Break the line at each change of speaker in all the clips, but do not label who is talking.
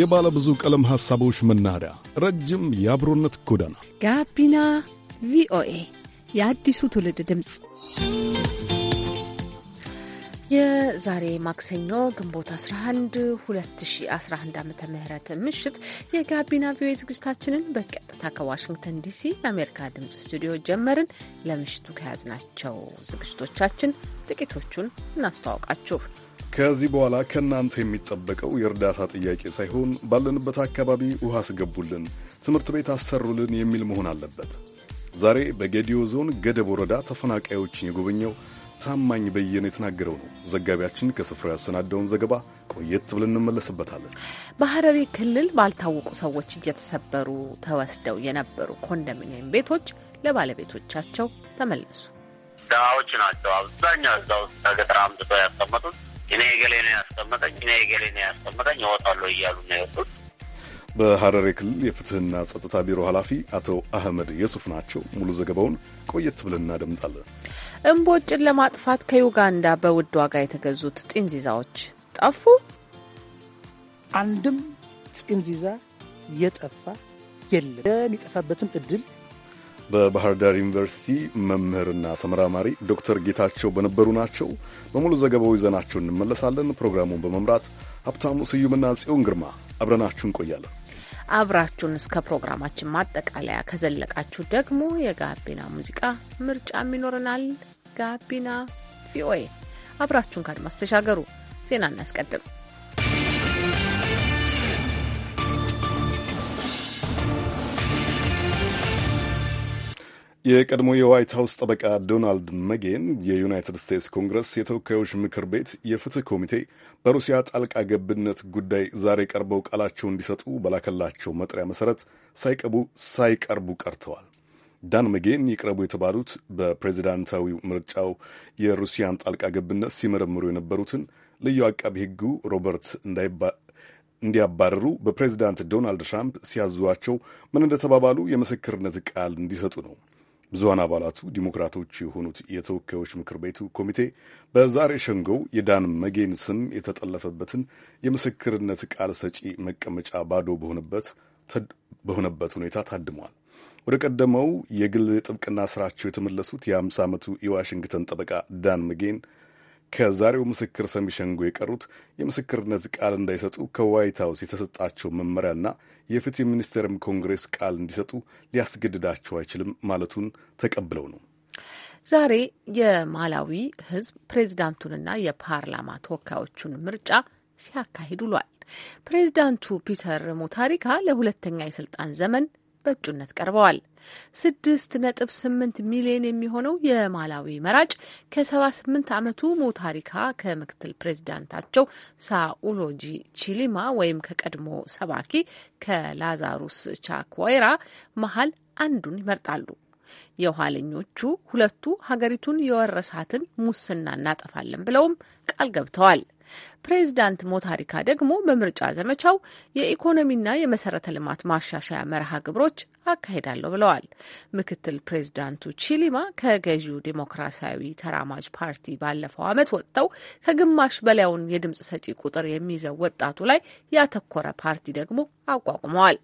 የባለ ብዙ ቀለም ሐሳቦች መናኸሪያ፣ ረጅም የአብሮነት ጎዳና
ጋቢና ቪኦኤ የአዲሱ ትውልድ ድምፅ። የዛሬ ማክሰኞ ግንቦት 11 2011 ዓ ም ምሽት የጋቢና ቪኦኤ ዝግጅታችንን በቀጥታ ከዋሽንግተን ዲሲ የአሜሪካ ድምፅ ስቱዲዮ ጀመርን። ለምሽቱ ከያዝናቸው ዝግጅቶቻችን ጥቂቶቹን እናስተዋውቃችሁ።
ከዚህ በኋላ ከእናንተ የሚጠበቀው የእርዳታ ጥያቄ ሳይሆን ባለንበት አካባቢ ውሃ አስገቡልን፣ ትምህርት ቤት አሰሩልን የሚል መሆን አለበት። ዛሬ በጌዲዮ ዞን ገደብ ወረዳ ተፈናቃዮችን የጎበኘው ታማኝ በየነ የተናገረው ነው። ዘጋቢያችን ከስፍራው ያሰናደውን ዘገባ ቆየት ብለን እንመለስበታለን።
በሐረሪ ክልል ባልታወቁ ሰዎች እየተሰበሩ ተወስደው የነበሩ ኮንዶሚኒየም ቤቶች ለባለቤቶቻቸው ተመለሱ።
ዳዎች ናቸው አብዛኛው እዛ ውስጥ ከገጠር ያስቀመጡት እኔ የገሌ ነው ያስቀመጠኝ እኔ የገሌ ነው ያስቀመጠኝ እወጣለሁ እያሉ ነው የወጡት።
በሐረሪ ክልል የፍትህና ጸጥታ ቢሮ ኃላፊ አቶ አህመድ የሱፍ ናቸው። ሙሉ ዘገባውን ቆየት ብለን እናደምጣለን።
እምቦጭን ለማጥፋት ከዩጋንዳ በውድ ዋጋ የተገዙት ጢንዚዛዎች ጠፉ። አንድም ጢንዚዛ የጠፋ የለም። የሚጠፋበትም እድል
በባህር ዳር ዩኒቨርሲቲ መምህርና ተመራማሪ ዶክተር ጌታቸው በነበሩ ናቸው። በሙሉ ዘገባው ይዘናቸው እንመለሳለን። ፕሮግራሙን በመምራት ሀብታሙ ስዩምና ጽዮን ግርማ አብረናችሁ
እንቆያለን። አብራችሁን እስከ ፕሮግራማችን ማጠቃለያ ከዘለቃችሁ ደግሞ የጋቢና ሙዚቃ ምርጫም ይኖረናል። ጋቢና ቪኦኤ አብራችሁን ከአድማስ ተሻገሩ። ዜና እናስቀድም።
የቀድሞ የዋይት ሀውስ ጠበቃ ዶናልድ መጌን የዩናይትድ ስቴትስ ኮንግረስ የተወካዮች ምክር ቤት የፍትህ ኮሚቴ በሩሲያ ጣልቃ ገብነት ጉዳይ ዛሬ ቀርበው ቃላቸው እንዲሰጡ በላከላቸው መጥሪያ መሰረት ሳይቀቡ ሳይቀርቡ ቀርተዋል። ዳን መጌን ይቅረቡ የተባሉት በፕሬዚዳንታዊው ምርጫው የሩሲያን ጣልቃ ገብነት ሲመረምሩ የነበሩትን ልዩ አቃቢ ሕጉ ሮበርት እንዳይባ እንዲያባረሩ በፕሬዚዳንት ዶናልድ ትራምፕ ሲያዟቸው ምን እንደተባባሉ የምስክርነት ቃል እንዲሰጡ ነው። ብዙሀን አባላቱ ዲሞክራቶች የሆኑት የተወካዮች ምክር ቤቱ ኮሚቴ በዛሬ ሸንጎው የዳን መጌን ስም የተጠለፈበትን የምስክርነት ቃል ሰጪ መቀመጫ ባዶ በሆነበት ሁኔታ ታድሟል። ወደ ቀደመው የግል ጥብቅና ስራቸው የተመለሱት የ50 ዓመቱ የዋሽንግተን ጠበቃ ዳን መጌን ከዛሬው ምስክር ሰሚ ሸንጎ የቀሩት የምስክርነት ቃል እንዳይሰጡ ከዋይት ሀውስ የተሰጣቸው መመሪያና የፍትህ ሚኒስቴርም ኮንግሬስ ቃል እንዲሰጡ ሊያስገድዳቸው አይችልም ማለቱን ተቀብለው ነው።
ዛሬ የማላዊ ህዝብ ፕሬዚዳንቱንና የፓርላማ ተወካዮቹን ምርጫ ሲያካሂድ ውሏል። ፕሬዚዳንቱ ፒተር ሙታሪካ ለሁለተኛ የስልጣን ዘመን በእጩነት ቀርበዋል። ስድስት ነጥብ ስምንት ሚሊዮን የሚሆነው የማላዊ መራጭ ከሰባ ስምንት ዓመቱ ሙታሪካ ከምክትል ፕሬዚዳንታቸው ሳኡሎጂ ቺሊማ ወይም ከቀድሞ ሰባኪ ከላዛሩስ ቻክዌራ መሀል አንዱን ይመርጣሉ። የኋለኞቹ ሁለቱ ሀገሪቱን የወረሳትን ሙስና እናጠፋለን ብለውም ቃል ገብተዋል። ፕሬዚዳንት ሞታሪካ ደግሞ በምርጫ ዘመቻው የኢኮኖሚና የመሰረተ ልማት ማሻሻያ መርሃ ግብሮች አካሄዳለሁ ብለዋል። ምክትል ፕሬዚዳንቱ ቺሊማ ከገዢው ዴሞክራሲያዊ ተራማጅ ፓርቲ ባለፈው ዓመት ወጥተው ከግማሽ በላዩን የድምጽ ሰጪ ቁጥር የሚይዘው ወጣቱ ላይ ያተኮረ ፓርቲ ደግሞ አቋቁመዋል።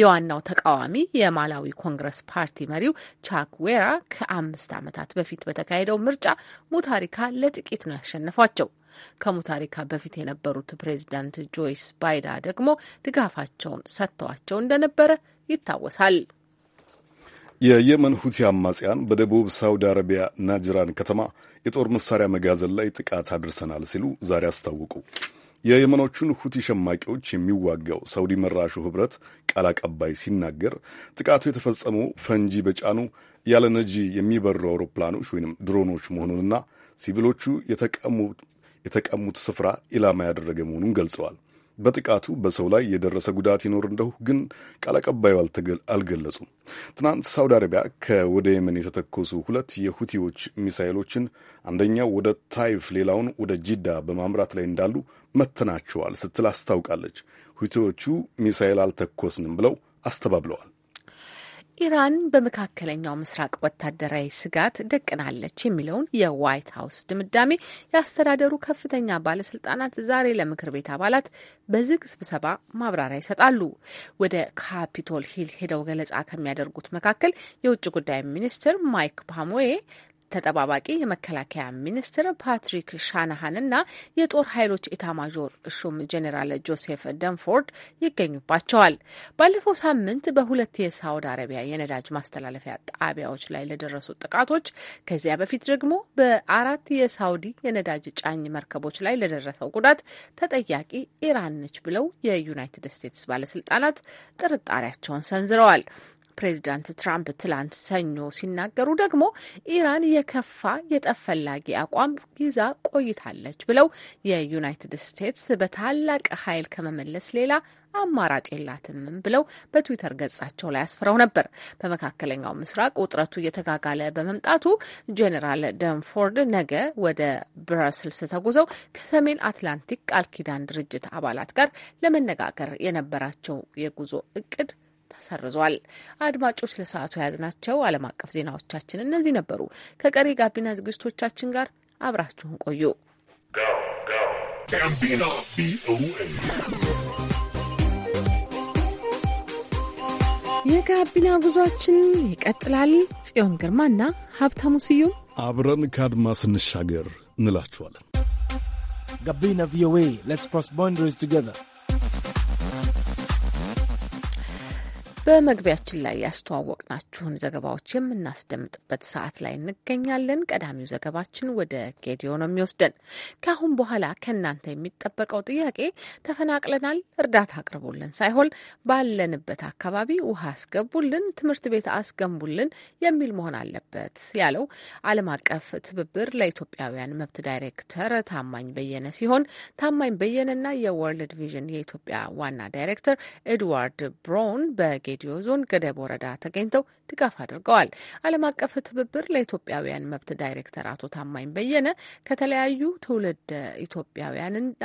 የዋናው ተቃዋሚ የማላዊ ኮንግረስ ፓርቲ መሪው ቻክ ዌራ ከአምስት ዓመታት በፊት በተካሄደው ምርጫ ሙታሪካ ለጥቂት ነው ያሸነፏቸው። ከሙታሪካ በፊት የነበሩት ፕሬዚዳንት ጆይስ ባይዳ ደግሞ ድጋፋቸውን ሰጥተዋቸው እንደነበረ ይታወሳል።
የየመን ሁቲ አማጽያን በደቡብ ሳውዲ አረቢያ ናጅራን ከተማ የጦር መሳሪያ መጋዘን ላይ ጥቃት አድርሰናል ሲሉ ዛሬ አስታወቁ። የየመኖቹን ሁቲ ሸማቂዎች የሚዋጋው ሳውዲ መራሹ ህብረት ቃል አቀባይ ሲናገር ጥቃቱ የተፈጸመው ፈንጂ በጫኑ ያለ ነጂ የሚበሩ አውሮፕላኖች ወይም ድሮኖች መሆኑንና ሲቪሎቹ የተቀሙት ስፍራ ኢላማ ያደረገ መሆኑን ገልጸዋል። በጥቃቱ በሰው ላይ የደረሰ ጉዳት ይኖር እንደሁ ግን ቃል አቀባዩ አልገለጹም። ትናንት ሳውዲ አረቢያ ከወደ የመን የተተኮሱ ሁለት የሁቲዎች ሚሳይሎችን አንደኛው ወደ ታይፍ ሌላውን ወደ ጂዳ በማምራት ላይ እንዳሉ መትናቸዋል ስትል አስታውቃለች። ሁቲዎቹ ሚሳኤል አልተኮስንም ብለው አስተባብለዋል።
ኢራን በመካከለኛው ምስራቅ ወታደራዊ ስጋት ደቅናለች የሚለውን የዋይት ሀውስ ድምዳሜ የአስተዳደሩ ከፍተኛ ባለስልጣናት ዛሬ ለምክር ቤት አባላት በዝግ ስብሰባ ማብራሪያ ይሰጣሉ። ወደ ካፒቶል ሂል ሄደው ገለጻ ከሚያደርጉት መካከል የውጭ ጉዳይ ሚኒስትር ማይክ ፓሞዬ ተጠባባቂ የመከላከያ ሚኒስትር ፓትሪክ ሻናሃንና የጦር ኃይሎች ኢታማዦር ሹም ጄኔራል ጆሴፍ ደንፎርድ ይገኙባቸዋል። ባለፈው ሳምንት በሁለት የሳውዲ አረቢያ የነዳጅ ማስተላለፊያ ጣቢያዎች ላይ ለደረሱ ጥቃቶች፣ ከዚያ በፊት ደግሞ በአራት የሳውዲ የነዳጅ ጫኝ መርከቦች ላይ ለደረሰው ጉዳት ተጠያቂ ኢራን ነች ብለው የዩናይትድ ስቴትስ ባለስልጣናት ጥርጣሬያቸውን ሰንዝረዋል። ፕሬዚዳንት ትራምፕ ትላንት ሰኞ ሲናገሩ ደግሞ ኢራን የከፋ የጠፈላጊ አቋም ይዛ ቆይታለች ብለው የዩናይትድ ስቴትስ በታላቅ ኃይል ከመመለስ ሌላ አማራጭ የላትም ብለው በትዊተር ገጻቸው ላይ አስፍረው ነበር። በመካከለኛው ምስራቅ ውጥረቱ እየተጋጋለ በመምጣቱ ጄኔራል ደንፎርድ ነገ ወደ ብራስልስ ተጉዘው ከሰሜን አትላንቲክ ቃል ኪዳን ድርጅት አባላት ጋር ለመነጋገር የነበራቸው የጉዞ እቅድ ተሰርዟል። አድማጮች ለሰዓቱ የያዝናቸው ዓለም አቀፍ ዜናዎቻችን እነዚህ ነበሩ። ከቀሪ ጋቢና ዝግጅቶቻችን ጋር አብራችሁን ቆዩ። የጋቢና ጉዟችን ይቀጥላል። ጽዮን ግርማና ሀብታሙ ስዩም
አብረን ከአድማ ስንሻገር እንላችኋለን።
ጋቢና ቪኦኤ ሌትስ ክሮስ
ባውንደሪስ ቱጌዘር በመግቢያችን ላይ ያስተዋወቅናችሁን ዘገባዎች የምናስደምጥበት ሰዓት ላይ እንገኛለን። ቀዳሚው ዘገባችን ወደ ጌዲዮ ነው የሚወስደን። ከአሁን በኋላ ከእናንተ የሚጠበቀው ጥያቄ ተፈናቅለናል፣ እርዳታ አቅርቡልን ሳይሆን ባለንበት አካባቢ ውሃ አስገቡልን፣ ትምህርት ቤት አስገንቡልን የሚል መሆን አለበት ያለው ዓለም አቀፍ ትብብር ለኢትዮጵያውያን መብት ዳይሬክተር ታማኝ በየነ ሲሆን ታማኝ በየነና የወርልድ ቪዥን የኢትዮጵያ ዋና ዳይሬክተር ኤድዋርድ ብሮውን በጌ ጌዲዮ ዞን ገደብ ወረዳ ተገኝተው ድጋፍ አድርገዋል። ዓለም አቀፍ ትብብር ለኢትዮጵያውያን መብት ዳይሬክተር አቶ ታማኝ በየነ ከተለያዩ ትውልድ ኢትዮጵያውያንና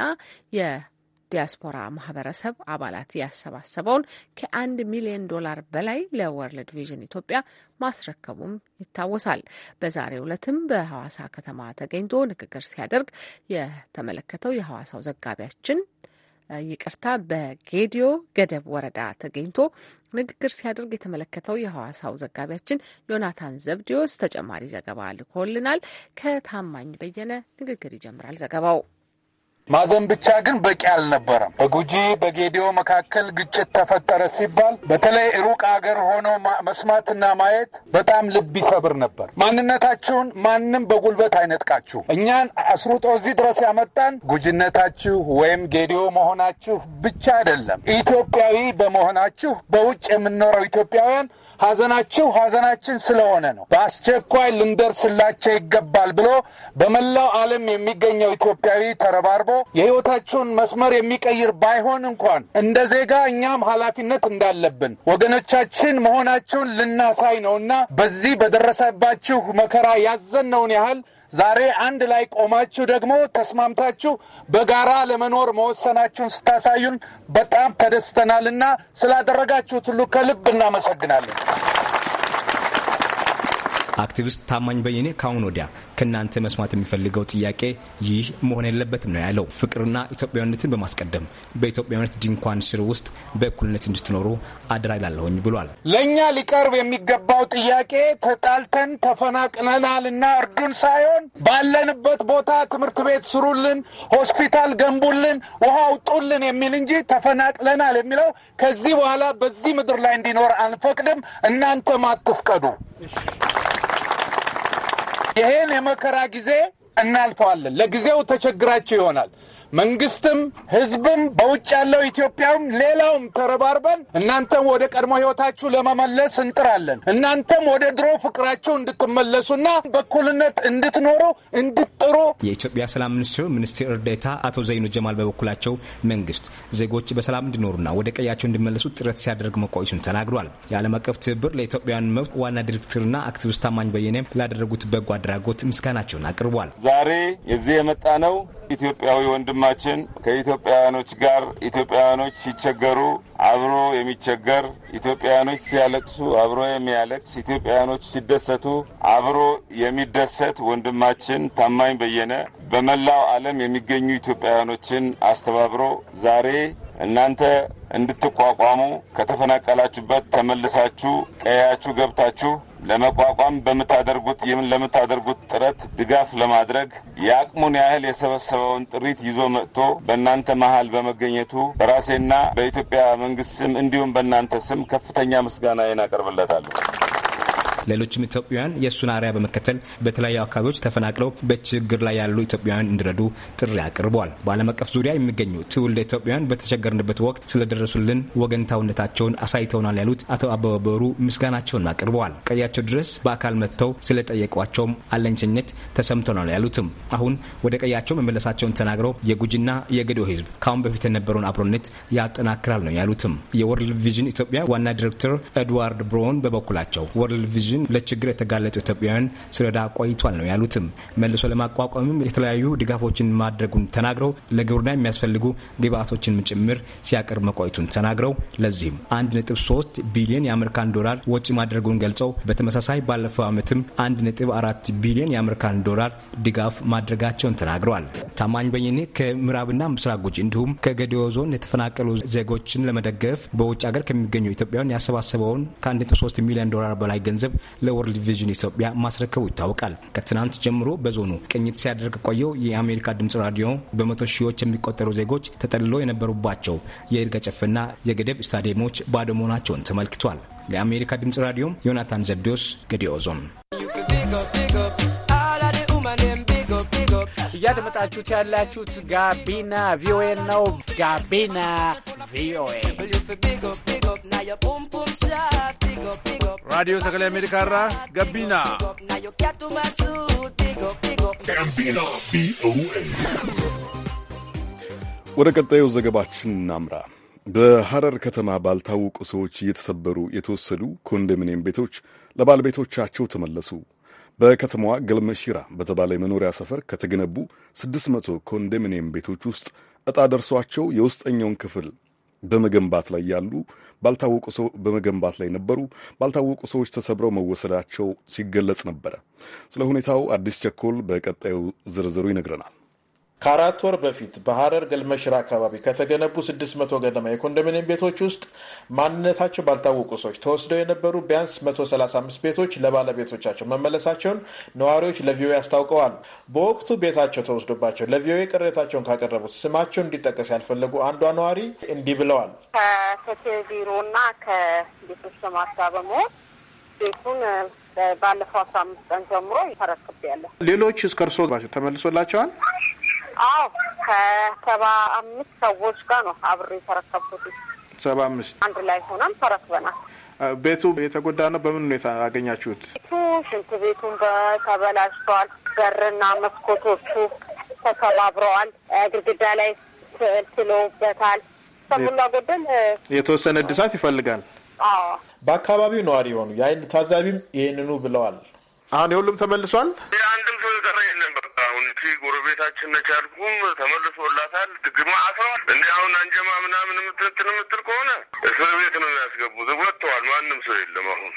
የዲያስፖራ ማህበረሰብ አባላት ያሰባሰበውን ከአንድ ሚሊዮን ዶላር በላይ ለወርልድ ቪዥን ኢትዮጵያ ማስረከቡም ይታወሳል። በዛሬው ዕለትም በሐዋሳ ከተማ ተገኝቶ ንግግር ሲያደርግ የተመለከተው የሐዋሳው ዘጋቢያችን ይቅርታ በጌዲዮ ገደብ ወረዳ ተገኝቶ ንግግር ሲያደርግ የተመለከተው የሐዋሳው ዘጋቢያችን ዮናታን ዘብዲዮስ ተጨማሪ ዘገባ ልኮልናል። ከታማኝ በየነ ንግግር ይጀምራል ዘገባው።
ማዘን ብቻ ግን በቂ አልነበረም። በጉጂ በጌዲዮ መካከል ግጭት ተፈጠረ ሲባል በተለይ ሩቅ አገር ሆኖ መስማትና ማየት በጣም ልብ ይሰብር ነበር። ማንነታችሁን ማንም በጉልበት አይነጥቃችሁ። እኛን አስሩጦ እዚህ ድረስ ያመጣን ጉጂነታችሁ ወይም ጌዲዮ መሆናችሁ ብቻ አይደለም፣ ኢትዮጵያዊ በመሆናችሁ በውጭ የምንኖረው ኢትዮጵያውያን ሐዘናችሁ ሐዘናችን ስለሆነ ነው። በአስቸኳይ ልንደርስላቸው ይገባል ብሎ በመላው ዓለም የሚገኘው ኢትዮጵያዊ ተረባርቦ የህይወታቸውን መስመር የሚቀይር ባይሆን እንኳን እንደ ዜጋ እኛም ኃላፊነት እንዳለብን ወገኖቻችን መሆናቸውን ልናሳይ ነውና በዚህ በደረሰባችሁ መከራ ያዘነውን ያህል ዛሬ አንድ ላይ ቆማችሁ ደግሞ ተስማምታችሁ በጋራ ለመኖር መወሰናችሁን ስታሳዩን በጣም ተደስተናልና ስላደረጋችሁት ሁሉ ከልብ እናመሰግናለን።
አክቲቪስት ታማኝ በየኔ ከአሁን ወዲያ ከእናንተ መስማት የሚፈልገው ጥያቄ ይህ መሆን የለበትም ነው ያለው። ፍቅርና ኢትዮጵያዊነትን በማስቀደም በኢትዮጵያዊነት ድንኳን ስር ውስጥ በእኩልነት እንድትኖሩ አደራ ይላለሁኝ ብሏል።
ለእኛ ሊቀርብ የሚገባው ጥያቄ ተጣልተን ተፈናቅለናል እና እርዱን ሳይሆን ባለንበት ቦታ ትምህርት ቤት ስሩልን፣ ሆስፒታል ገንቡልን፣ ውሃ አውጡልን የሚል እንጂ ተፈናቅለናል የሚለው ከዚህ በኋላ በዚህ ምድር ላይ እንዲኖር አንፈቅድም፣ እናንተም አትፍቀዱ። ይሄን የመከራ ጊዜ እናልፈዋለን። ለጊዜው ተቸግራቸው ይሆናል። መንግስትም ህዝብም በውጭ ያለው ኢትዮጵያም ሌላውም ተረባርበን እናንተም ወደ ቀድሞ ህይወታችሁ ለመመለስ እንጥራለን። እናንተም ወደ ድሮ ፍቅራችሁ እንድትመለሱና በኩልነት እንድትኖሩ እንድትጥሩ።
የኢትዮጵያ ሰላም ሚኒስትር ሚኒስትር እርዳታ አቶ ዘይኑ ጀማል በበኩላቸው መንግስት ዜጎች በሰላም እንዲኖሩና ወደ ቀያቸው እንዲመለሱ ጥረት ሲያደርግ መቆየቱን ተናግሯል። የዓለም አቀፍ ትብብር ለኢትዮጵያውያን መብት ዋና ዲሬክተርና አክቲቪስት ታማኝ በየኔም ላደረጉት በጎ አድራጎት ምስጋናቸውን አቅርቧል።
ዛሬ የዚህ የመጣ ነው ኢትዮጵያዊ ወንድም ወንድማችን ከኢትዮጵያውያኖች ጋር ኢትዮጵያውያኖች ሲቸገሩ አብሮ የሚቸገር ኢትዮጵያውያኖች ሲያለቅሱ አብሮ የሚያለቅስ ኢትዮጵያውያኖች ሲደሰቱ አብሮ የሚደሰት ወንድማችን ታማኝ በየነ በመላው ዓለም የሚገኙ ኢትዮጵያውያኖችን አስተባብሮ ዛሬ እናንተ እንድትቋቋሙ ከተፈናቀላችሁበት ተመልሳችሁ ቀያችሁ ገብታችሁ ለመቋቋም በምታደርጉት ይህም ለምታደርጉት ጥረት ድጋፍ ለማድረግ የአቅሙን ያህል የሰበሰበውን ጥሪት ይዞ መጥቶ በእናንተ መሀል በመገኘቱ በራሴና በኢትዮጵያ መንግስት ስም እንዲሁም በእናንተ ስም ከፍተኛ ምስጋናዬን አቀርብለታለሁ።
ሌሎችም ኢትዮጵያውያን የእሱን አርያ በመከተል በተለያዩ አካባቢዎች ተፈናቅለው በችግር ላይ ያሉ ኢትዮጵያውያን እንዲረዱ ጥሪ አቅርበዋል። በዓለም አቀፍ ዙሪያ የሚገኙ ትውልደ ኢትዮጵያውያን በተቸገርንበት ወቅት ስለደረሱልን ወገንታውነታቸውን አሳይተውናል ያሉት አቶ አበበ በሩ ምስጋናቸውን አቅርበዋል። ቀያቸው ድረስ በአካል መጥተው ስለጠየቋቸውም አለኝችነት ተሰምቶናል ያሉትም አሁን ወደ ቀያቸው መመለሳቸውን ተናግረው የጉጂና የገዶ ህዝብ ከአሁን በፊት የነበረውን አብሮነት ያጠናክራል ነው ያሉትም። የወርልድ ቪዥን ኢትዮጵያ ዋና ዲሬክተር ኤድዋርድ ብሮን በበኩላቸው ወርልድ ቪዥን ቴሌቪዥን ለችግር የተጋለጡ ኢትዮጵያውያን ሲረዳ ቆይቷል ነው ያሉትም። መልሶ ለማቋቋምም የተለያዩ ድጋፎችን ማድረጉን ተናግረው ለግብርና የሚያስፈልጉ ግብአቶችን ጭምር ሲያቀርብ መቆይቱን ተናግረው ለዚህም አንድ ሶስት ቢሊዮን የአሜሪካን ዶላር ወጪ ማድረጉን ገልጸው በተመሳሳይ ባለፈው ዓመትም አራት ቢሊዮን የአሜሪካን ዶላር ድጋፍ ማድረጋቸውን ተናግረዋል። ታማኝ በኝኔ ከምዕራብና ምስራቅ ጉጂ እንዲሁም ከገዲዮ ዞን የተፈናቀሉ ዜጎችን ለመደገፍ በውጭ ሀገር ከሚገኙ ኢትዮጵያውያን ያሰባሰበውን ከ1.3 ሚሊዮን ዶላር በላይ ገንዘብ ለወርልድ ቪዥን ኢትዮጵያ ማስረከቡ ይታወቃል። ከትናንት ጀምሮ በዞኑ ቅኝት ሲያደርግ ቆየው የአሜሪካ ድምጽ ራዲዮ በመቶ ሺዎች የሚቆጠሩ ዜጎች ተጠልለው የነበሩባቸው የይርጋ የገደብ ስታዲየሞች ባዶ መሆናቸውን ተመልክቷል። ለአሜሪካ ድምጽ ራዲዮ ዮናታን ዘብዴዎስ ገዲኦ ዞን።
እያደመጣችሁት ያላችሁት ጋቢና ቪኦኤ ነው። ጋቢና ቪኦኤ raadiyoo
sagalee ameerikaa irraa gabbiina.
ወደ ቀጣዩ ዘገባችን እናምራ። በሐረር ከተማ ባልታወቁ ሰዎች እየተሰበሩ የተወሰዱ ኮንዶሚኒየም ቤቶች ለባለቤቶቻቸው ተመለሱ። በከተማዋ ገልመሺራ በተባለ የመኖሪያ ሰፈር ከተገነቡ 600 ኮንዶሚኒየም ቤቶች ውስጥ ዕጣ ደርሷቸው የውስጠኛውን ክፍል በመገንባት ላይ ያሉ ባልታወቁ ሰው በመገንባት ላይ ነበሩ። ባልታወቁ ሰዎች ተሰብረው መወሰዳቸው ሲገለጽ ነበረ። ስለ ሁኔታው አዲስ ቸኮል በቀጣዩ ዝርዝሩ ይነግረናል።
ከአራት ወር በፊት በሀረር ገልመሽራ አካባቢ ከተገነቡ ስድስት መቶ ገደማ የኮንዶሚኒየም ቤቶች ውስጥ ማንነታቸው ባልታወቁ ሰዎች ተወስደው የነበሩ ቢያንስ መቶ ቤቶች ለባለቤቶቻቸው መመለሳቸውን ነዋሪዎች ለቪኦኤ አስታውቀዋል። በወቅቱ ቤታቸው ተወስዶባቸው ለቪኦኤ ቅሬታቸውን ካቀረቡት ስማቸው እንዲጠቀስ ያልፈለጉ አንዷ ነዋሪ እንዲህ ብለዋል።
ከፍትህ ቢሮና ከቤቶች ልማት በመሆን ቤቱን ባለፈው አስራ አምስት ቀን ጀምሮ ተረክቤያለሁ።
ሌሎች እስከ እርሶ ተመልሶላቸዋል?
አዎ ከሰባ አምስት ሰዎች ጋር ነው አብሬ የተረከብኩት። ሰባ አምስት አንድ ላይ ሆነን ተረክበናል።
ቤቱ የተጎዳ ነው። በምን ሁኔታ አገኛችሁት?
ቤቱ ሽንት ቤቱን ተበላሽተዋል። በርና መስኮቶቹ ተሰባብረዋል። ግድግዳ ላይ ስዕል ስለውበታል። ከሞላ ጎደል
የተወሰነ እድሳት ይፈልጋል። በአካባቢው ነዋሪ የሆኑ የአይን ታዛቢም ይህንኑ ብለዋል። አሁን የሁሉም ተመልሷል። አንድም ሰው የቀረ የለም። በቃ አሁን እ ጎረቤታችን ነች ያልኩም ተመልሶላታል።
ድግማ አስረዋል። እንዲ አሁን አንጀማ ምናምን ምትንትን ምትል ከሆነ እስር ቤት ነው የሚያስገቡት። ወጥተዋል። ማንም ሰው የለም። አሁን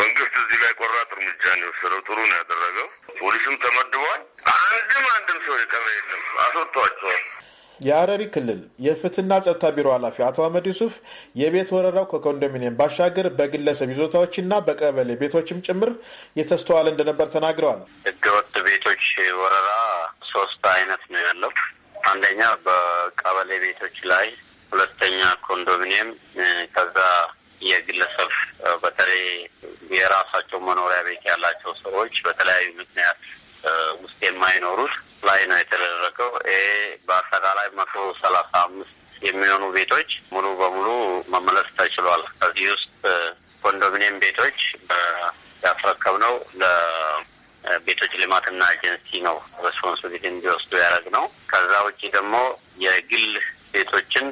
መንግስት እዚህ ላይ ቆራጥ እርምጃ ነው የወሰደው። ጥሩ ነው ያደረገው። ፖሊስም ተመድቧል። አንድም አንድም ሰው የቀረ የለም።
አስወጥቷቸዋል። የአረሪ ክልል የፍትህና ጸጥታ ቢሮ ኃላፊ አቶ አህመድ ዩሱፍ የቤት ወረራው ከኮንዶሚኒየም ባሻገር በግለሰብ ይዞታዎችና በቀበሌ ቤቶችም ጭምር የተስተዋለ እንደነበር ተናግረዋል።
ህገወጥ ቤቶች ወረራ ሶስት አይነት ነው ያለው። አንደኛ በቀበሌ ቤቶች ላይ፣ ሁለተኛ ኮንዶሚኒየም፣ ከዛ የግለሰብ በተለይ የራሳቸው መኖሪያ ቤት ያላቸው ሰዎች በተለያዩ ምክንያት ውስጥ የማይኖሩት ላይ ነው የተደረገው። ይሄ በአጠቃላይ መቶ ሰላሳ አምስት የሚሆኑ ቤቶች ሙሉ በሙሉ መመለስ ተችሏል። ከዚህ ውስጥ ኮንዶሚኒየም ቤቶች ነው ለቤቶች ልማትና ኤጀንሲ ነው ሬስፖንስቢሊቲ እንዲወስዱ ያደረግ ነው። ከዛ ውጭ ደግሞ የግል ቤቶችን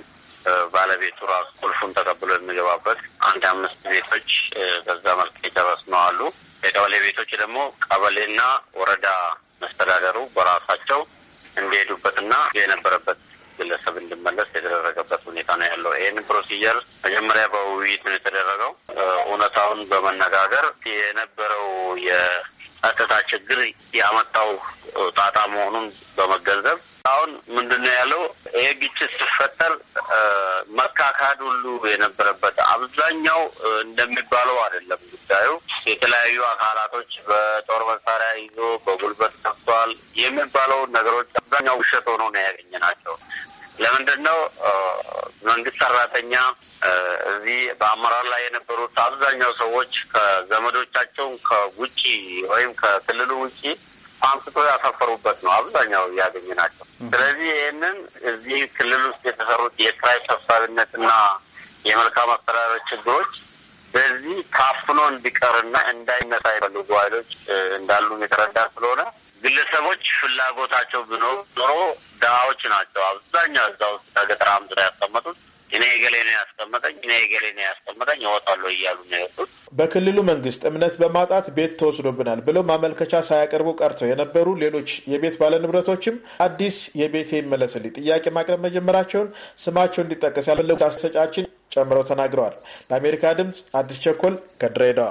ባለቤቱ ራሱ ቁልፉን ተቀብሎ የሚገባበት አንድ አምስት ቤቶች በዛ መልክ ነው አሉ። የቀበሌ ቤቶች ደግሞ ቀበሌና ወረዳ መስተዳደሩ በራሳቸው እንዲሄዱበትና የነበረበት ግለሰብ እንዲመለስ የተደረገበት ሁኔታ ነው ያለው። ይህን ፕሮሲጀር መጀመሪያ በውይይት ነው የተደረገው። እውነታውን በመነጋገር የነበረው የጸጥታ ችግር ያመጣው ጣጣ መሆኑን በመገንዘብ አሁን ምንድነው ያለው ይሄ ግጭት ሲፈጠር መካካድ ሁሉ የነበረበት አብዛኛው እንደሚባለው አይደለም ጉዳዩ። የተለያዩ አካላቶች በጦር መሳሪያ ይዞ በጉልበት ገብቷል የሚባለው ነገሮች አብዛኛው ውሸት ሆኖ ነው ያገኘ ናቸው። ለምንድን ነው መንግስት ሰራተኛ እዚህ በአመራር ላይ የነበሩት አብዛኛው ሰዎች ከዘመዶቻቸውን ከውጭ ወይም ከክልሉ ውጭ አንስቶ ያሰፈሩበት ነው አብዛኛው ያገኘ ናቸው። ስለዚህ ይህንን እዚህ ክልል ውስጥ የተሰሩት የኪራይ ሰብሳቢነትና የመልካም አስተዳደር ችግሮች በዚህ ታፍኖ እንዲቀርና እንዳይነሳ የፈልጉ ኃይሎች እንዳሉ የተረዳ ስለሆነ ግለሰቦች ፍላጎታቸው ብኖ ኖሮ ድሀዎች ናቸው አብዛኛው እዛ ውስጥ ከገጠር አምዝራ ያስቀመጡት እኔ የገሌ ነው ያስቀመጠኝ፣ እኔ የገሌ ነው ያስቀመጠኝ እወጣለሁ እያሉ ነው የወጡት።
በክልሉ መንግስት እምነት በማጣት ቤት ተወስዶብናል ብለው ማመልከቻ ሳያቀርቡ ቀርተው የነበሩ ሌሎች የቤት ባለንብረቶችም አዲስ የቤቴ ይመለስልኝ ጥያቄ ማቅረብ መጀመራቸውን ስማቸው እንዲጠቀስ ያለ አሰጫችን ጨምረው ተናግረዋል። ለአሜሪካ ድምፅ አዲስ ቸኮል ከድሬዳዋ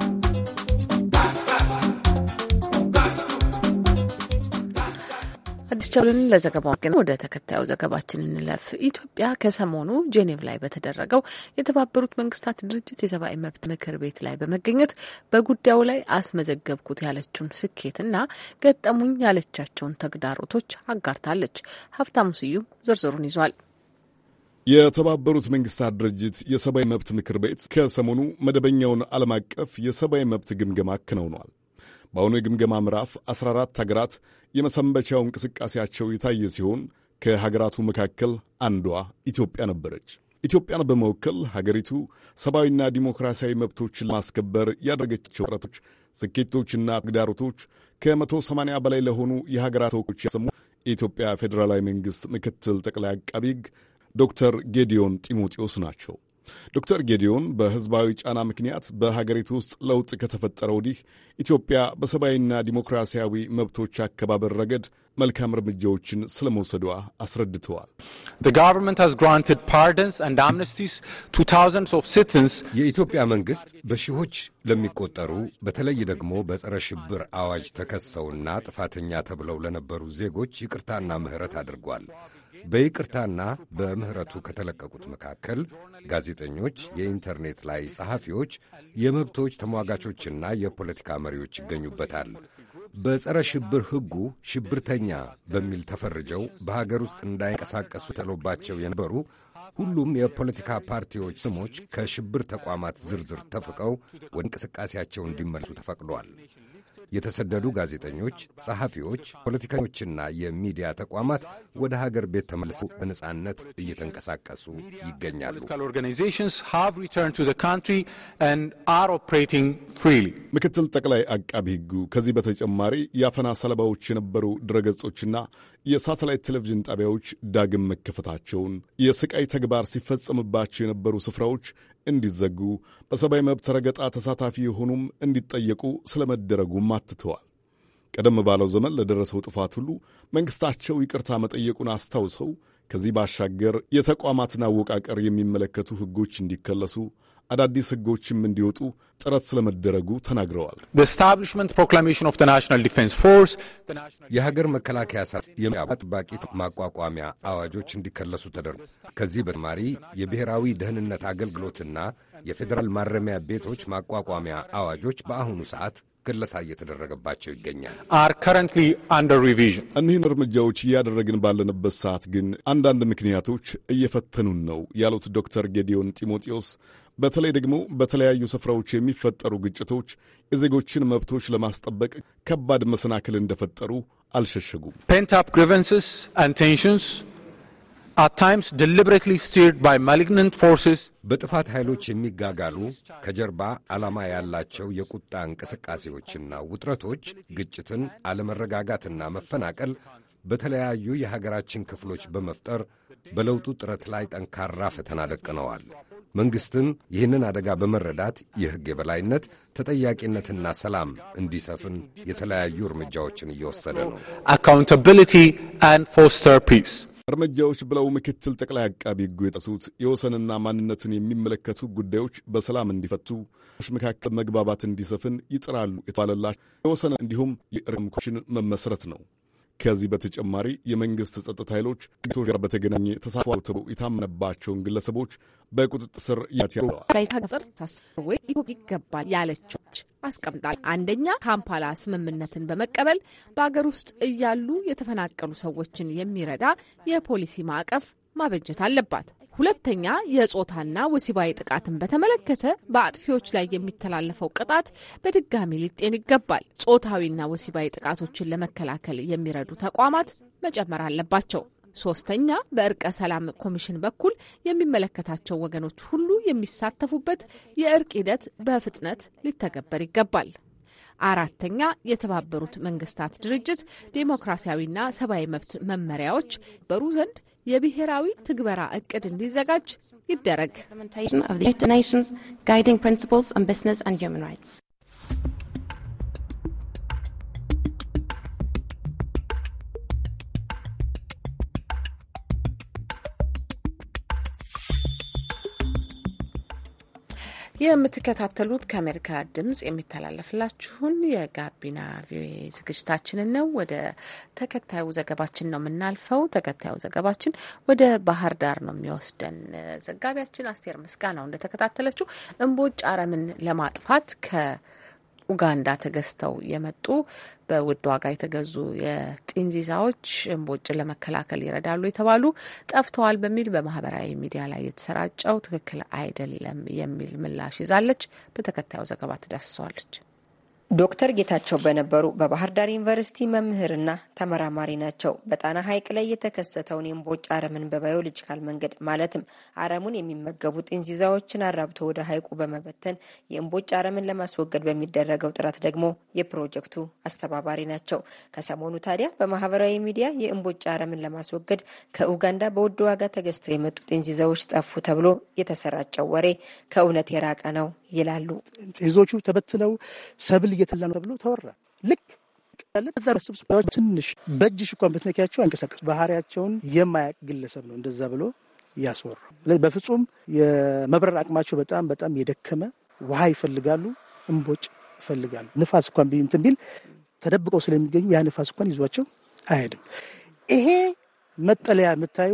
አዲስ ቸብልን ለዘገባው ግን ወደ ተከታዩ ዘገባችን እንለፍ። ኢትዮጵያ ከሰሞኑ ጄኔቭ ላይ በተደረገው የተባበሩት መንግስታት ድርጅት የሰብአዊ መብት ምክር ቤት ላይ በመገኘት በጉዳዩ ላይ አስመዘገብኩት ያለችውን ስኬትና ገጠሙኝ ያለቻቸውን ተግዳሮቶች አጋርታለች። ሀብታሙ ስዩም ዝርዝሩን ይዟል።
የተባበሩት መንግስታት ድርጅት የሰብአዊ መብት ምክር ቤት ከሰሞኑ መደበኛውን ዓለም አቀፍ የሰብአዊ መብት ግምገማ አከናውኗል። በአሁኑ የግምገማ ምዕራፍ 14 ሀገራት የመሰንበቻው እንቅስቃሴያቸው የታየ ሲሆን ከሀገራቱ መካከል አንዷ ኢትዮጵያ ነበረች። ኢትዮጵያን በመወከል ሀገሪቱ ሰብአዊና ዲሞክራሲያዊ መብቶችን ለማስከበር ያደረገቸው ጥረቶች፣ ስኬቶችና ተግዳሮቶች ከመቶ ሰማንያ በላይ ለሆኑ የሀገራት ተወካዮች ያሰሙ የኢትዮጵያ ፌዴራላዊ መንግሥት ምክትል ጠቅላይ አቃቢ ሕግ ዶክተር ጌዲዮን ጢሞቴዎስ ናቸው። ዶክተር ጌዲዮን በህዝባዊ ጫና ምክንያት በሀገሪቱ ውስጥ ለውጥ ከተፈጠረ ወዲህ ኢትዮጵያ በሰብአዊና ዲሞክራሲያዊ መብቶች አከባበር ረገድ መልካም እርምጃዎችን ስለ መውሰዷ አስረድተዋል።
የኢትዮጵያ መንግሥት በሺዎች ለሚቆጠሩ በተለይ ደግሞ በጸረ ሽብር አዋጅ ተከሰውና ጥፋተኛ ተብለው ለነበሩ ዜጎች ይቅርታና ምህረት አድርጓል። በይቅርታና በምህረቱ ከተለቀቁት መካከል ጋዜጠኞች፣ የኢንተርኔት ላይ ጸሐፊዎች፣ የመብቶች ተሟጋቾችና የፖለቲካ መሪዎች ይገኙበታል። በጸረ ሽብር ሕጉ ሽብርተኛ በሚል ተፈርጀው በሀገር ውስጥ እንዳይንቀሳቀሱ ተሎባቸው የነበሩ ሁሉም የፖለቲካ ፓርቲዎች ስሞች ከሽብር ተቋማት ዝርዝር ተፍቀው ወደ እንቅስቃሴያቸው እንዲመለሱ ተፈቅዷል። የተሰደዱ ጋዜጠኞች፣ ጸሐፊዎች፣ ፖለቲከኞችና የሚዲያ ተቋማት ወደ ሀገር ቤት ተመልሰው በነጻነት እየተንቀሳቀሱ
ይገኛሉ። ምክትል ጠቅላይ አቃቢ ሕጉ ከዚህ በተጨማሪ የአፈና ሰለባዎች የነበሩ ድረገጾችና የሳተላይት ቴሌቪዥን ጣቢያዎች ዳግም መከፈታቸውን፣ የስቃይ ተግባር ሲፈጸምባቸው የነበሩ ስፍራዎች እንዲዘጉ፣ በሰብአዊ መብት ረገጣ ተሳታፊ የሆኑም እንዲጠየቁ ስለመደረጉም አትተዋል። ቀደም ባለው ዘመን ለደረሰው ጥፋት ሁሉ መንግሥታቸው ይቅርታ መጠየቁን አስታውሰው ከዚህ ባሻገር የተቋማትን አወቃቀር የሚመለከቱ ሕጎች እንዲከለሱ አዳዲስ ህጎችም እንዲወጡ
ጥረት ስለመደረጉ ተናግረዋል። የሀገር መከላከያ ሰራዊት የጠባቂ ማቋቋሚያ አዋጆች እንዲከለሱ ተደርጉ። ከዚህ በተጨማሪ የብሔራዊ ደህንነት አገልግሎትና የፌዴራል ማረሚያ ቤቶች ማቋቋሚያ አዋጆች በአሁኑ ሰዓት ክለሳ እየተደረገባቸው ይገኛል።
እኒህን እርምጃዎች እያደረግን ባለንበት ሰዓት ግን አንዳንድ ምክንያቶች እየፈተኑን ነው ያሉት ዶክተር ጌዲዮን ጢሞቴዎስ በተለይ ደግሞ በተለያዩ ስፍራዎች የሚፈጠሩ ግጭቶች የዜጎችን መብቶች ለማስጠበቅ ከባድ መሰናክል እንደፈጠሩ አልሸሸጉም።
ፔንት አፕ ግሪቨንስስ አንድ ቴንሽንስ አት ታይምስ
ደሊበሬትሊ ስቲርድ ባይ ማሊግናንት ፎርስስ በጥፋት ኃይሎች የሚጋጋሉ ከጀርባ ዓላማ ያላቸው የቁጣ እንቅስቃሴዎችና ውጥረቶች ግጭትን፣ አለመረጋጋትና መፈናቀል በተለያዩ የሀገራችን ክፍሎች በመፍጠር በለውጡ ጥረት ላይ ጠንካራ ፈተና ደቅነዋል። መንግሥትም ይህንን አደጋ በመረዳት የሕግ የበላይነት ተጠያቂነትና ሰላም እንዲሰፍን የተለያዩ እርምጃዎችን እየወሰደ ነው።
አካውንታቢሊቲ አንድ ፎስተር ፒስ
እርምጃዎች ብለው ምክትል ጠቅላይ
አቃቢ ሕጉ የጠሱት የወሰንና ማንነትን የሚመለከቱ ጉዳዮች በሰላም እንዲፈቱ መካከል መግባባት እንዲሰፍን ይጥራሉ የተባለላቸው የወሰን እንዲሁም የርምኮችን መመስረት ነው። ከዚህ በተጨማሪ የመንግስት ጸጥታ ኃይሎች ከግጭቶች ጋር በተገናኘ ተሳትፏል ተብሎ የታመነባቸውን ግለሰቦች በቁጥጥር ስር ያትያለዋል
ይገባል ያለችች አስቀምጣል። አንደኛ ካምፓላ ስምምነትን በመቀበል በአገር ውስጥ እያሉ የተፈናቀሉ ሰዎችን የሚረዳ የፖሊሲ ማዕቀፍ ማበጀት አለባት። ሁለተኛ የጾታና ወሲባዊ ጥቃትን በተመለከተ በአጥፊዎች ላይ የሚተላለፈው ቅጣት በድጋሚ ሊጤን ይገባል። ጾታዊና ወሲባዊ ጥቃቶችን ለመከላከል የሚረዱ ተቋማት መጨመር አለባቸው። ሶስተኛ በእርቀ ሰላም ኮሚሽን በኩል የሚመለከታቸው ወገኖች ሁሉ የሚሳተፉበት የእርቅ ሂደት በፍጥነት ሊተገበር ይገባል። አራተኛ የተባበሩት መንግስታት ድርጅት ዴሞክራሲያዊና ሰብአዊ መብት መመሪያዎች በሩ ዘንድ የብሔራዊ ትግበራ እቅድ እንዲዘጋጅ ይደረግ። የምትከታተሉት ከአሜሪካ ድምጽ የሚተላለፍላችሁን የጋቢና ቪኦኤ ዝግጅታችንን ነው። ወደ ተከታዩ ዘገባችን ነው የምናልፈው። ተከታዩ ዘገባችን ወደ ባህር ዳር ነው የሚወስደን። ዘጋቢያችን አስቴር ምስጋናው እንደተከታተለችው እምቦጭ አረምን ለማጥፋት ከ ኡጋንዳ ተገዝተው የመጡ በውድ ዋጋ የተገዙ የጢንዚዛዎች እምቦጭን ለመከላከል ይረዳሉ የተባሉ ጠፍተዋል በሚል በማህበራዊ ሚዲያ ላይ የተሰራጨው ትክክል አይደለም የሚል ምላሽ ይዛለች። በተከታዩ
ዘገባ ትዳስሰዋለች። ዶክተር ጌታቸው በነበሩ በባህር ዳር ዩኒቨርሲቲ መምህርና ተመራማሪ ናቸው። በጣና ሐይቅ ላይ የተከሰተውን የእምቦጭ አረምን በባዮሎጂካል መንገድ ማለትም አረሙን የሚመገቡ ጥንዚዛዎችን አራብቶ ወደ ሐይቁ በመበተን የእምቦጭ አረምን ለማስወገድ በሚደረገው ጥረት ደግሞ የፕሮጀክቱ አስተባባሪ ናቸው። ከሰሞኑ ታዲያ በማህበራዊ ሚዲያ የእምቦጭ አረምን ለማስወገድ ከኡጋንዳ በውድ ዋጋ ተገዝተው የመጡ ጥንዚዛዎች ጠፉ ተብሎ የተሰራጨው ወሬ ከእውነት የራቀ ነው ይላሉ። ጥንዚዞቹ ተበትነው ሰብል እየተላ ነው ተብሎ ተወራ። ልክ እዛ ስብስባዎች
ትንሽ በእጅሽ እንኳን ብትነኪያቸው አይንቀሳቀሱ ባህሪያቸውን የማያቅ ግለሰብ ነው እንደዛ ብሎ ያስወራ። በፍጹም የመብረር አቅማቸው በጣም በጣም የደከመ ውሃ ይፈልጋሉ፣ እምቦጭ ይፈልጋሉ። ንፋስ እንኳን እንትን ቢል ተደብቀው ስለሚገኙ ያ ንፋስ እንኳን ይዟቸው አይሄድም። ይሄ መጠለያ የምታዩ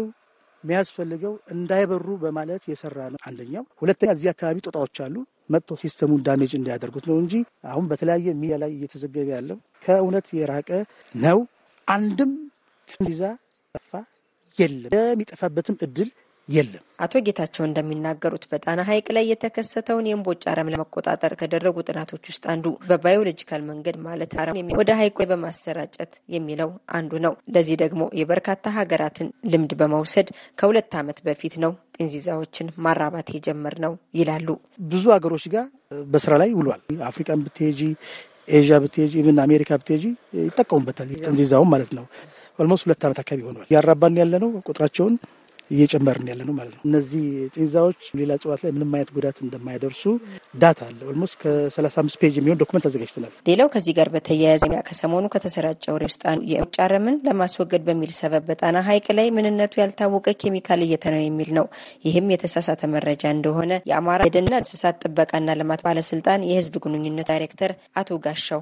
የሚያስፈልገው እንዳይበሩ በማለት የሰራ ነው አንደኛው። ሁለተኛ እዚህ አካባቢ ጦጣዎች አሉ መጥቶ ሲስተሙን ዳሜጅ እንዳያደርጉት ነው እንጂ አሁን በተለያየ ሚዲያ ላይ እየተዘገበ ያለው ከእውነት የራቀ ነው።
አንድም ጥንዚዛ ጠፋ የለም የሚጠፋበትም እድል የለም። አቶ ጌታቸው እንደሚናገሩት በጣና ሐይቅ ላይ የተከሰተውን የእምቦጭ አረም ለመቆጣጠር ከደረጉ ጥናቶች ውስጥ አንዱ በባዮሎጂካል መንገድ ማለት አረም ወደ ሐይቁ በማሰራጨት የሚለው አንዱ ነው። ለዚህ ደግሞ የበርካታ ሀገራትን ልምድ በመውሰድ ከሁለት ዓመት በፊት ነው ጥንዚዛዎችን ማራባት የጀመር ነው ይላሉ። ብዙ ሀገሮች ጋር
በስራ ላይ ውሏል። አፍሪካን ብትሄጂ፣ ኤዥያ ብትሄጂ፣ ኢቨን አሜሪካ ብትሄጂ ይጠቀሙበታል ጥንዚዛውን ማለት ነው። ኦልሞስት ሁለት ዓመት አካባቢ ሆኗል። እያራባን ያለ ነው ቁጥራቸውን እየጨመርን ያለ ነው ማለት ነው። እነዚህ ጤዛዎች ሌላ እጽዋት ላይ ምንም አይነት ጉዳት እንደማይደርሱ ዳታ አለ። ኦልሞስት ከሰላሳ አምስት ፔጅ የሚሆን ዶኩመንት አዘጋጅተናል።
ሌላው ከዚህ ጋር በተያያዘ ከሰሞኑ ከተሰራጨው ሬፕስጣን የውጭ አረምን ለማስወገድ በሚል ሰበብ በጣና ሐይቅ ላይ ምንነቱ ያልታወቀ ኬሚካል እየተ ነው የሚል ነው። ይህም የተሳሳተ መረጃ እንደሆነ የአማራ የደንና እንስሳት ጥበቃና ልማት ባለስልጣን የህዝብ ግንኙነት ዳይሬክተር አቶ ጋሻው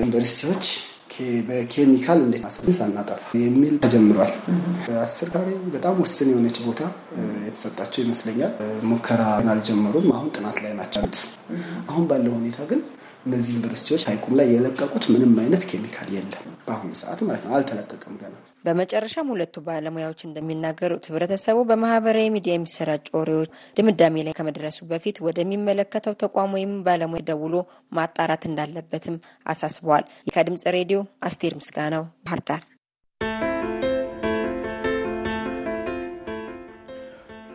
ዩኒቨርሲቲዎች በኬሚካል እንዴት ማስፈን አናጠፋ የሚል ተጀምሯል። አስር ካሬ በጣም ውስን የሆነች ቦታ የተሰጣቸው ይመስለኛል። ሙከራ አልጀመሩም። አሁን ጥናት ላይ ናቸው። አሁን ባለው ሁኔታ ግን እነዚህ ዩኒቨርሲቲዎች ሀይቁም ላይ የለቀቁት ምንም አይነት ኬሚካል የለም በአሁኑ ሰዓት ማለት ነው። አልተለቀቀም ገና።
በመጨረሻም ሁለቱ ባለሙያዎች እንደሚናገሩት ህብረተሰቡ በማህበራዊ ሚዲያ የሚሰራጩ ወሬዎች ድምዳሜ ላይ ከመድረሱ በፊት ወደሚመለከተው ተቋም ወይም ባለሙያ ደውሎ ማጣራት እንዳለበትም አሳስበዋል። ከድምጽ ሬዲዮ አስቴር ምስጋናው ባህርዳር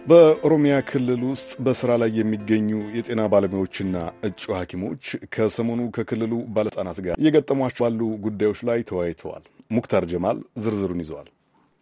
በኦሮሚያ ክልል ውስጥ በስራ ላይ የሚገኙ የጤና ባለሙያዎችና እጩ ሐኪሞች ከሰሞኑ ከክልሉ ባለስልጣናት ጋር እየገጠሟቸው ባሉ ጉዳዮች ላይ ተወያይተዋል። ሙክታር ጀማል ዝርዝሩን ይዘዋል።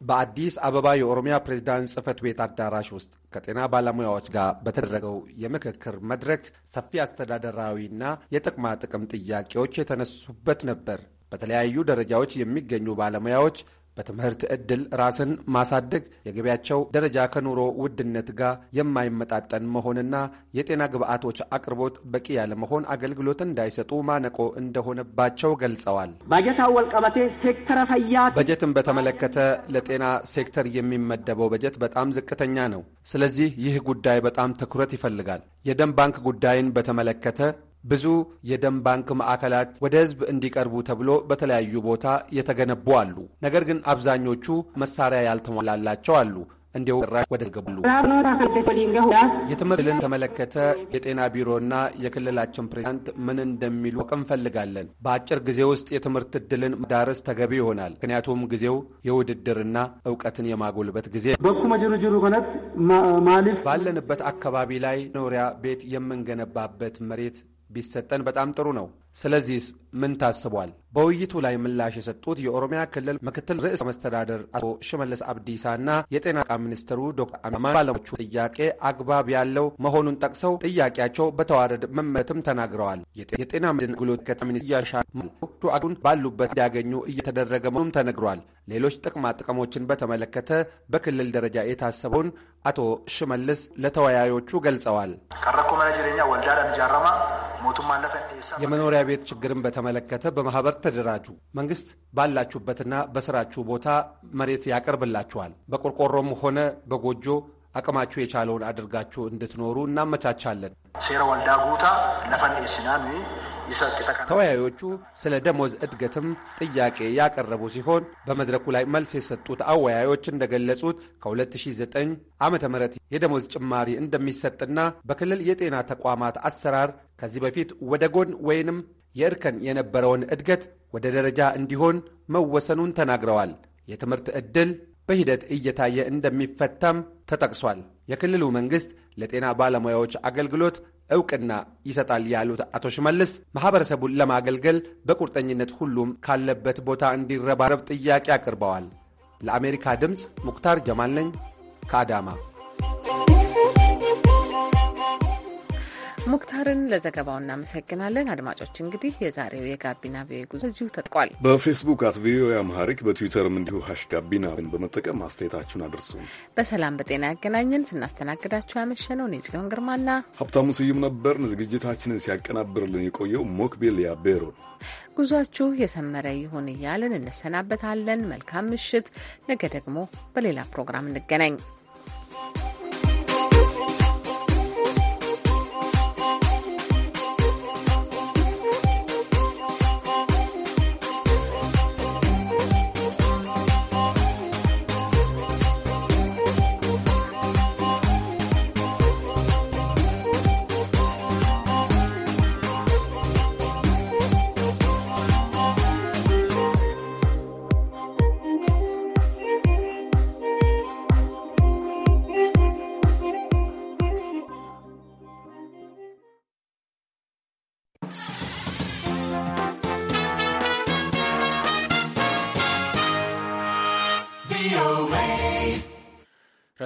በአዲስ አበባ የኦሮሚያ ፕሬዝዳንት ጽህፈት ቤት አዳራሽ ውስጥ ከጤና ባለሙያዎች ጋር በተደረገው የምክክር መድረክ ሰፊ አስተዳደራዊና የጥቅማ ጥቅም ጥያቄዎች የተነሱበት ነበር። በተለያዩ ደረጃዎች የሚገኙ ባለሙያዎች በትምህርት ዕድል ራስን ማሳደግ የገቢያቸው ደረጃ ከኑሮ ውድነት ጋር የማይመጣጠን መሆንና የጤና ግብአቶች አቅርቦት በቂ ያለመሆን አገልግሎት እንዳይሰጡ ማነቆ እንደሆነባቸው ገልጸዋል። በጀትን በተመለከተ ለጤና ሴክተር የሚመደበው በጀት በጣም ዝቅተኛ ነው። ስለዚህ ይህ ጉዳይ በጣም ትኩረት ይፈልጋል። የደም ባንክ ጉዳይን በተመለከተ ብዙ የደም ባንክ ማዕከላት ወደ ህዝብ እንዲቀርቡ ተብሎ በተለያዩ ቦታ የተገነቡ አሉ። ነገር ግን አብዛኞቹ መሳሪያ ያልተሟላላቸው አሉ እንዲሁ ወደ ገቡሉ የትምህርትን ተመለከተ የጤና ቢሮና የክልላችን ፕሬዚዳንት ምን እንደሚሉ እንፈልጋለን። በአጭር ጊዜ ውስጥ የትምህርት እድልን ዳረስ ተገቢ ይሆናል። ምክንያቱም ጊዜው የውድድርና እውቀትን የማጎልበት ጊዜ ባለንበት አካባቢ ላይ ኖሪያ ቤት የምንገነባበት መሬት ቢሰጠን በጣም ጥሩ ነው። ስለዚህስ ምን ታስቧል? በውይይቱ ላይ ምላሽ የሰጡት የኦሮሚያ ክልል ምክትል ርዕሰ መስተዳደር አቶ ሽመለስ አብዲሳና የጤና ቃ ሚኒስትሩ ዶክተር አማን ባለሞቹ ጥያቄ አግባብ ያለው መሆኑን ጠቅሰው ጥያቄያቸው በተዋረድ መመትም ተናግረዋል። የጤና ምድን አገልግሎት ከተሚኒስ አዱን ባሉበት እንዲያገኙ እየተደረገ መሆኑም ተነግሯል። ሌሎች ጥቅማ ጥቅሞችን በተመለከተ በክልል ደረጃ የታሰበውን አቶ ሽመልስ ለተወያዮቹ ገልጸዋል።
ቀረኮ መነጀረኛ ወልዳዳ ሚጃረማ
የመኖሪያ ቤት ችግርን በተመለከተ በማህበር ተደራጁ። መንግስት ባላችሁበትና በስራችሁ ቦታ መሬት ያቀርብላችኋል። በቆርቆሮም ሆነ በጎጆ አቅማችሁ የቻለውን አድርጋችሁ እንድትኖሩ እናመቻቻለን። ተወያዮቹ ስለ ደሞዝ እድገትም ጥያቄ ያቀረቡ ሲሆን በመድረኩ ላይ መልስ የሰጡት አወያዮች እንደገለጹት ከ2009 ዓ ም የደሞዝ ጭማሪ እንደሚሰጥና በክልል የጤና ተቋማት አሰራር ከዚህ በፊት ወደ ጎን ወይንም የእርከን የነበረውን እድገት ወደ ደረጃ እንዲሆን መወሰኑን ተናግረዋል። የትምህርት ዕድል በሂደት እየታየ እንደሚፈታም ተጠቅሷል። የክልሉ መንግሥት ለጤና ባለሙያዎች አገልግሎት እውቅና ይሰጣል ያሉት አቶ ሽመልስ ማኅበረሰቡን ለማገልገል በቁርጠኝነት ሁሉም ካለበት ቦታ እንዲረባረብ ጥያቄ አቅርበዋል። ለአሜሪካ ድምፅ ሙክታር ጀማል ነኝ ከአዳማ።
ሙክታርን ለዘገባው እናመሰግናለን። አድማጮች እንግዲህ የዛሬው የጋቢና ቪኦኤ ጉዞ እዚሁ ተጥቋል።
በፌስቡክ አት ቪኦኤ አምሃሪክ በትዊተርም እንዲሁ ሀሽ ጋቢና በመጠቀም አስተያየታችሁን አድርሱ።
በሰላም በጤና ያገናኘን። ስናስተናግዳችሁ ያመሸነው እኔ ጽዮን ግርማና
ሀብታሙ ስዩም ነበርን። ዝግጅታችንን ሲያቀናብርልን የቆየው ሞክቤል ያቤሮ ነው።
ጉዟችሁ የሰመረ ይሁን እያልን እንሰናበታለን። መልካም ምሽት። ነገ ደግሞ በሌላ ፕሮግራም እንገናኝ።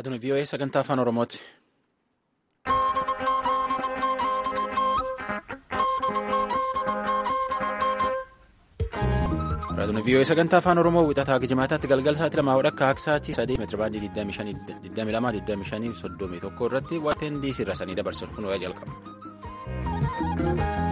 Raadiyoon VOA
sagantaa afaan Oromooti. Raadiyoon VOA
sagantaa afaan Oromoo wixataa galgal sa'aatii lamaa hodha akka Haaksaatii meetira baandii 22,25,31 irratti waan 10 irra sanii dabarsan kun jalqaba.